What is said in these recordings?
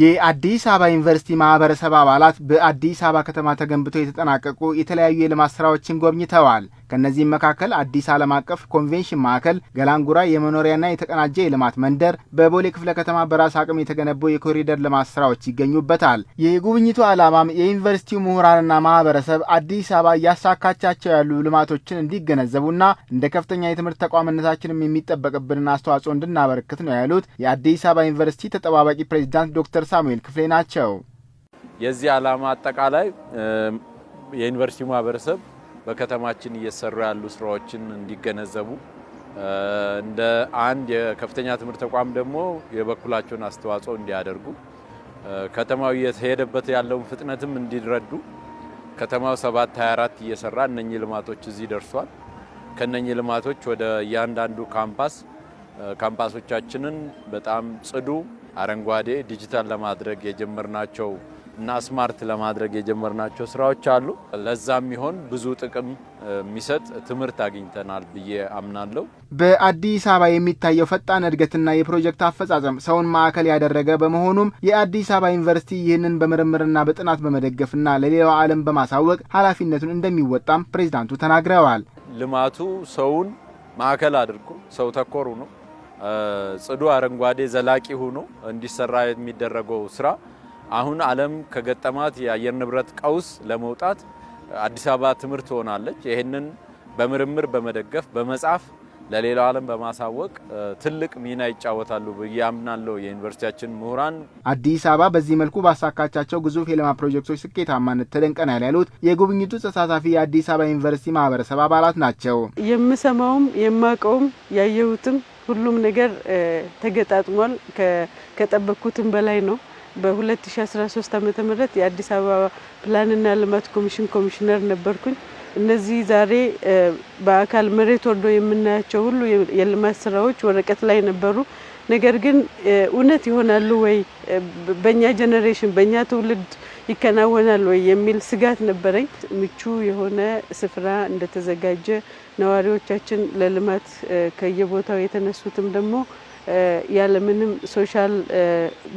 የአዲስ አበባ ዩኒቨርሲቲ ማህበረሰብ አባላት በአዲስ አበባ ከተማ ተገንብተው የተጠናቀቁ የተለያዩ የልማት ስራዎችን ጎብኝተዋል። ከእነዚህም መካከል አዲስ ዓለም አቀፍ ኮንቬንሽን ማዕከል፣ ገላንጉራ የመኖሪያና የተቀናጀ የልማት መንደር፣ በቦሌ ክፍለ ከተማ በራስ አቅም የተገነቡ የኮሪደር ልማት ስራዎች ይገኙበታል። የጉብኝቱ ዓላማም የዩኒቨርሲቲው ምሁራንና ማህበረሰብ አዲስ አበባ እያሳካቻቸው ያሉ ልማቶችን እንዲገነዘቡና እንደ ከፍተኛ የትምህርት ተቋምነታችንም የሚጠበቅብንን አስተዋጽኦ እንድናበረክት ነው ያሉት የአዲስ አበባ ዩኒቨርሲቲ ተጠባባቂ ፕሬዚዳንት ዶክተር ሳሙኤል ክፍሌ ናቸው። የዚህ ዓላማ አጠቃላይ የዩኒቨርሲቲ ማህበረሰብ በከተማችን እየሰሩ ያሉ ስራዎችን እንዲገነዘቡ እንደ አንድ የከፍተኛ ትምህርት ተቋም ደግሞ የበኩላቸውን አስተዋጽኦ እንዲያደርጉ ከተማው እየተሄደበት ያለውን ፍጥነትም እንዲረዱ ከተማው 724 እየሰራ እነኚህ ልማቶች እዚህ ደርሷል። ከነኚህ ልማቶች ወደ እያንዳንዱ ካምፓስ ካምፓሶቻችንን በጣም ጽዱ፣ አረንጓዴ፣ ዲጂታል ለማድረግ የጀመርናቸው እና ስማርት ለማድረግ የጀመርናቸው ስራዎች አሉ። ለዛም የሚሆን ብዙ ጥቅም የሚሰጥ ትምህርት አግኝተናል ብዬ አምናለሁ። በአዲስ አበባ የሚታየው ፈጣን እድገትና የፕሮጀክት አፈጻጸም ሰውን ማዕከል ያደረገ በመሆኑም የአዲስ አበባ ዩኒቨርሲቲ ይህንን በምርምርና በጥናት በመደገፍና ለሌላው ዓለም በማሳወቅ ኃላፊነቱን እንደሚወጣም ፕሬዚዳንቱ ተናግረዋል። ልማቱ ሰውን ማዕከል አድርጎ ሰው ተኮሩ ነው ጽዱ፣ አረንጓዴ፣ ዘላቂ ሆኖ እንዲሰራ የሚደረገው ስራ አሁን ዓለም ከገጠማት የአየር ንብረት ቀውስ ለመውጣት አዲስ አበባ ትምህርት ትሆናለች። ይህንን በምርምር በመደገፍ በመጻፍ ለሌላው ዓለም በማሳወቅ ትልቅ ሚና ይጫወታሉ ብዬ አምናለሁ። የዩኒቨርሲቲያችን ምሁራን አዲስ አበባ በዚህ መልኩ ባሳካቻቸው ግዙፍ የልማት ፕሮጀክቶች ስኬታማነት ተደንቀናል ያሉት የጉብኝቱ ተሳታፊ የአዲስ አበባ ዩኒቨርሲቲ ማህበረሰብ አባላት ናቸው። የምሰማውም የማውቀውም ያየሁትም ሁሉም ነገር ተገጣጥሟል። ከጠበቅኩትም በላይ ነው። በ2013 ዓ ም የአዲስ አበባ ፕላንና ልማት ኮሚሽን ኮሚሽነር ነበርኩኝ። እነዚህ ዛሬ በአካል መሬት ወርዶ የምናያቸው ሁሉ የልማት ስራዎች ወረቀት ላይ ነበሩ። ነገር ግን እውነት ይሆናሉ ወይ፣ በእኛ ጀኔሬሽን በእኛ ትውልድ ይከናወናል ወይ የሚል ስጋት ነበረኝ። ምቹ የሆነ ስፍራ እንደተዘጋጀ ነዋሪዎቻችን ለልማት ከየቦታው የተነሱትም ደግሞ ያለምንም ሶሻል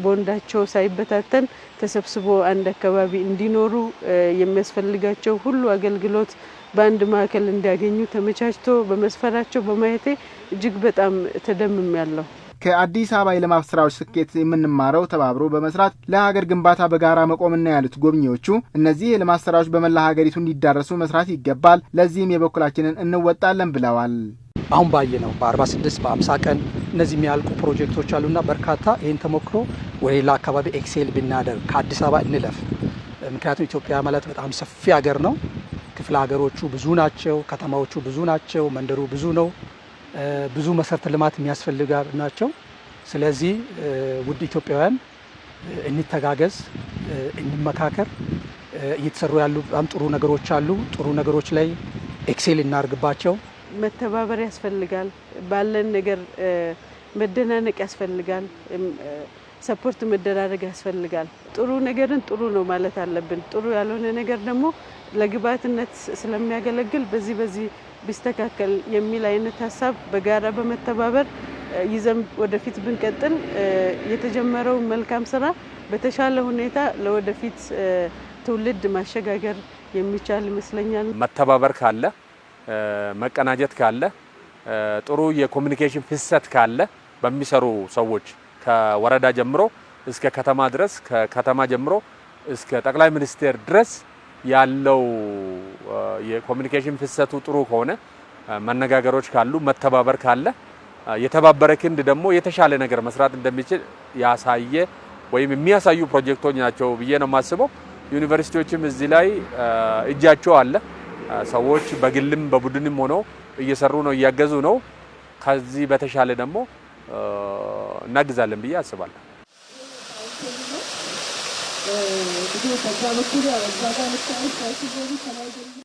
ቦንዳቸው ሳይበታተን ተሰብስቦ አንድ አካባቢ እንዲኖሩ የሚያስፈልጋቸው ሁሉ አገልግሎት በአንድ ማዕከል እንዲያገኙ ተመቻችቶ በመስፈራቸው በማየቴ እጅግ በጣም ተደምም ያለው። ከአዲስ አበባ የልማት ስራዎች ስኬት የምንማረው ተባብሮ በመስራት ለሀገር ግንባታ በጋራ መቆምና ያሉት ጎብኚዎቹ እነዚህ የልማት ስራዎች በመላ ሀገሪቱ እንዲዳረሱ መስራት ይገባል፣ ለዚህም የበኩላችንን እንወጣለን ብለዋል። አሁን ባየ ነው በ46 በ50 ቀን እነዚህ የሚያልቁ ፕሮጀክቶች አሉና በርካታ ይህን ተሞክሮ ወደ ሌላ አካባቢ ኤክሴል ብናደርግ ከአዲስ አበባ እንለፍ። ምክንያቱም ኢትዮጵያ ማለት በጣም ሰፊ ሀገር ነው። ክፍለ ሀገሮቹ ብዙ ናቸው። ከተማዎቹ ብዙ ናቸው። መንደሩ ብዙ ነው። ብዙ መሰረተ ልማት የሚያስፈልጋ ናቸው። ስለዚህ ውድ ኢትዮጵያውያን እንተጋገዝ፣ እንመካከር። እየተሰሩ ያሉ በጣም ጥሩ ነገሮች አሉ። ጥሩ ነገሮች ላይ ኤክሴል እናርግባቸው። መተባበር ያስፈልጋል። ባለን ነገር መደናነቅ ያስፈልጋል። ሰፖርት መደራረግ ያስፈልጋል። ጥሩ ነገርን ጥሩ ነው ማለት አለብን። ጥሩ ያልሆነ ነገር ደግሞ ለግብዓትነት ስለሚያገለግል በዚህ በዚህ ቢስተካከል የሚል አይነት ሀሳብ በጋራ በመተባበር ይዘን ወደፊት ብንቀጥል የተጀመረው መልካም ስራ በተሻለ ሁኔታ ለወደፊት ትውልድ ማሸጋገር የሚቻል ይመስለኛል። መተባበር ካለ መቀናጀት ካለ ጥሩ የኮሚኒኬሽን ፍሰት ካለ በሚሰሩ ሰዎች ከወረዳ ጀምሮ እስከ ከተማ ድረስ ከከተማ ጀምሮ እስከ ጠቅላይ ሚኒስቴር ድረስ ያለው የኮሚኒኬሽን ፍሰቱ ጥሩ ከሆነ መነጋገሮች ካሉ መተባበር ካለ የተባበረ ክንድ ደግሞ የተሻለ ነገር መስራት እንደሚችል ያሳየ ወይም የሚያሳዩ ፕሮጀክቶች ናቸው ብዬ ነው የማስበው። ዩኒቨርሲቲዎችም እዚህ ላይ እጃቸው አለ። ሰዎች በግልም በቡድንም ሆኖ እየሰሩ ነው፣ እያገዙ ነው። ከዚህ በተሻለ ደግሞ እናግዛለን ብዬ አስባለሁ።